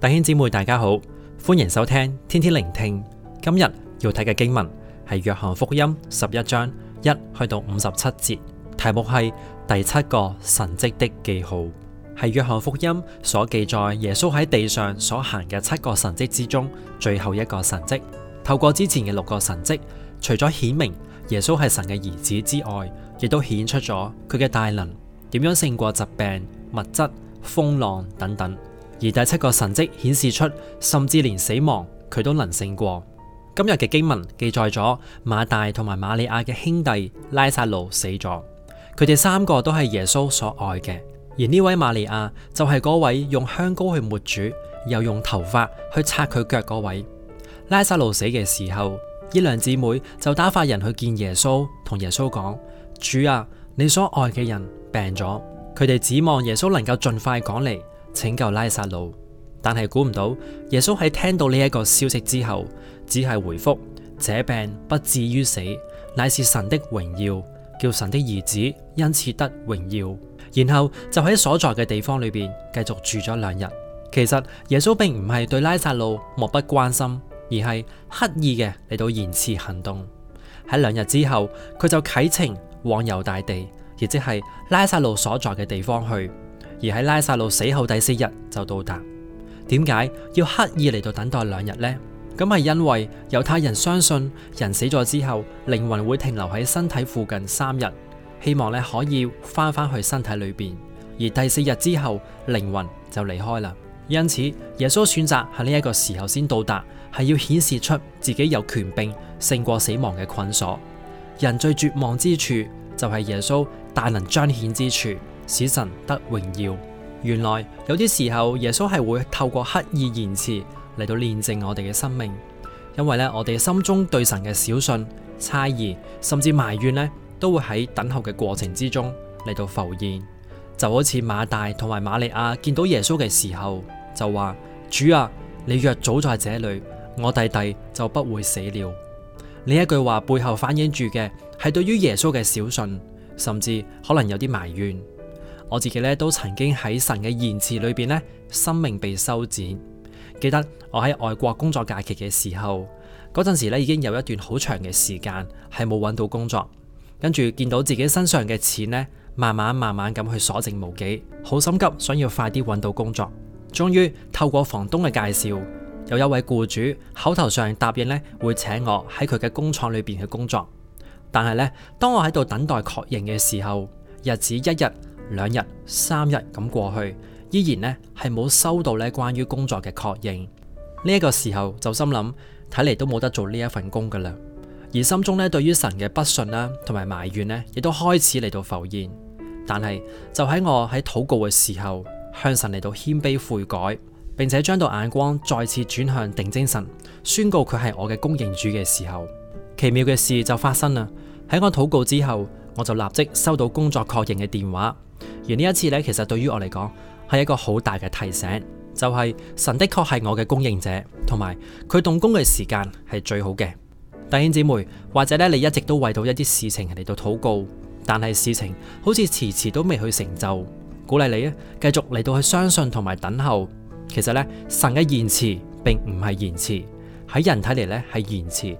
弟兄姊妹，大家好，歡迎收聽天天聆聽。今日要睇嘅經文係約翰福音十一章一去到五十七節，題目係第七個神蹟的記號，係約翰福音所記載耶穌喺地上所行嘅七個神蹟之中最後一個神蹟。透過之前嘅六個神蹟，除咗顯明耶穌係神嘅兒子之外，亦都顯出咗佢嘅大能，點樣勝過疾病、物質、風浪等等。而第七個神蹟顯示出，甚至連死亡佢都能勝過。今日嘅經文記載咗馬大同埋馬利亞嘅兄弟拉撒路死咗，佢哋三個都係耶穌所愛嘅。而呢位馬利亞就係嗰位用香膏去抹主，又用頭髮去擦佢腳嗰位。拉撒路死嘅時候，呢兩姊妹就打發人去見耶穌，同耶穌講：主啊，你所愛嘅人病咗，佢哋指望耶穌能夠盡快趕嚟。拯救拉撒路，但係估唔到耶穌喺聽到呢一個消息之後，只係回覆：這病不至於死，乃是神的榮耀，叫神的兒子因此得榮耀。然後就喺所在嘅地方裡邊繼續住咗兩日。其實耶穌並唔係對拉撒路漠不關心，而係刻意嘅嚟到延遲行動。喺兩日之後，佢就啟程往猶大地，亦即係拉撒路所在嘅地方去。而喺拉撒路死後第四日就到達。點解要刻意嚟到等待兩日呢？咁係因為猶太人相信人死咗之後，靈魂會停留喺身體附近三日，希望呢可以返返去身體裏邊。而第四日之後，靈魂就離開啦。因此，耶穌選擇喺呢一個時候先到達，係要顯示出自己有權柄勝過死亡嘅困鎖。人最絕望之處就係耶穌大能彰顯之處。使神得榮耀。原來有啲時候，耶穌係會透過刻意延遲嚟到煉淨我哋嘅生命，因為咧，我哋心中對神嘅小信、猜疑甚至埋怨呢，都會喺等候嘅過程之中嚟到浮現。就好似馬大同埋馬利亞見到耶穌嘅時候，就話：主啊，你若早在這裏，我弟弟就不會死了。呢一句話背後反映住嘅係對於耶穌嘅小信，甚至可能有啲埋怨。我自己咧都曾經喺神嘅言辭裏邊咧，生命被修剪。記得我喺外國工作假期嘅時候，嗰陣時咧已經有一段好長嘅時間係冇揾到工作，跟住見到自己身上嘅錢咧，慢慢慢慢咁去所剩無幾，好心急，想要快啲揾到工作。終於透過房東嘅介紹，有一位僱主口頭上答應咧會請我喺佢嘅工廠裏邊去工作，但係咧當我喺度等待確認嘅時候，日子一日、兩日、三日咁過去，依然呢係冇收到呢關於工作嘅確認。呢、這、一個時候就心諗，睇嚟都冇得做呢一份工噶啦。而心中呢，對於神嘅不信啦，同埋埋怨呢，亦都開始嚟到浮現。但係就喺我喺禱告嘅時候，向神嚟到謙卑悔，悔改，並且將到眼光再次轉向定精神，宣告佢係我嘅供應主嘅時候，奇妙嘅事就發生啦。喺我禱告之後，我就立即收到工作確認嘅電話。而呢一次咧，其實對於我嚟講係一個好大嘅提醒，就係神的確係我嘅供應者，同埋佢動工嘅時間係最好嘅。弟兄姐妹。或者咧，你一直都為到一啲事情嚟到禱告，但係事情好似遲遲都未去成就，鼓勵你咧繼續嚟到去相信同埋等候。其實咧，神嘅延遲並唔係延遲，喺人睇嚟咧係延遲，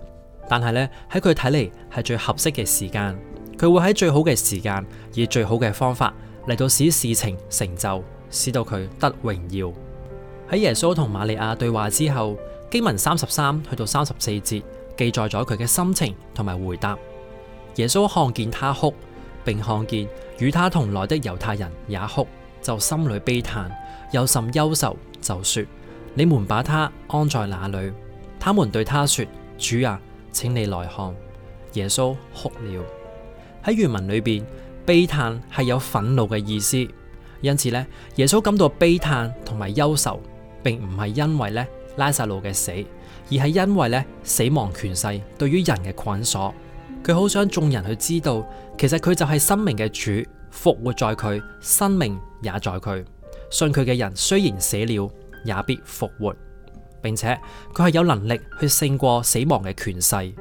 但係咧喺佢睇嚟係最合適嘅時間。佢會喺最好嘅時間以最好嘅方法。嚟到使事情成就，使到佢得榮耀。喺耶穌同瑪利亞對話之後，經文三十三去到三十四節記載咗佢嘅心情同埋回答。耶穌看見他哭，並看見與他同來的猶太人也哭，就心裏悲嘆，有甚憂愁，就說：你們把他安在哪裏？他們對他說：主啊，請你來看。耶穌哭了。喺原文裏邊。悲嘆係有憤怒嘅意思，因此咧，耶穌感到悲嘆同埋憂愁，並唔係因為咧拉撒路嘅死，而係因為咧死亡權勢對於人嘅捆鎖。佢好想眾人去知道，其實佢就係生命嘅主，復活在佢，生命也在佢。信佢嘅人雖然死了，也必復活，並且佢係有能力去勝過死亡嘅權勢。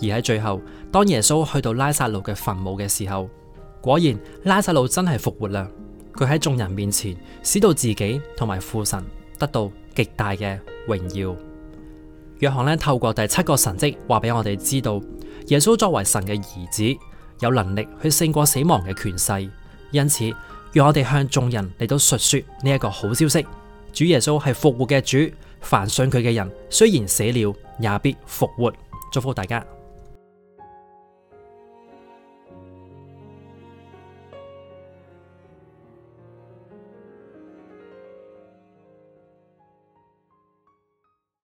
而喺最後，當耶穌去到拉撒路嘅墳墓嘅時候。果然，拉撒路真係復活啦！佢喺眾人面前，使到自己同埋父神得到極大嘅榮耀。約翰呢透過第七個神蹟，話俾我哋知道，耶穌作為神嘅兒子，有能力去勝過死亡嘅權勢。因此，讓我哋向眾人嚟到述說呢一個好消息：主耶穌係復活嘅主，凡信佢嘅人，雖然死了，也必復活。祝福大家！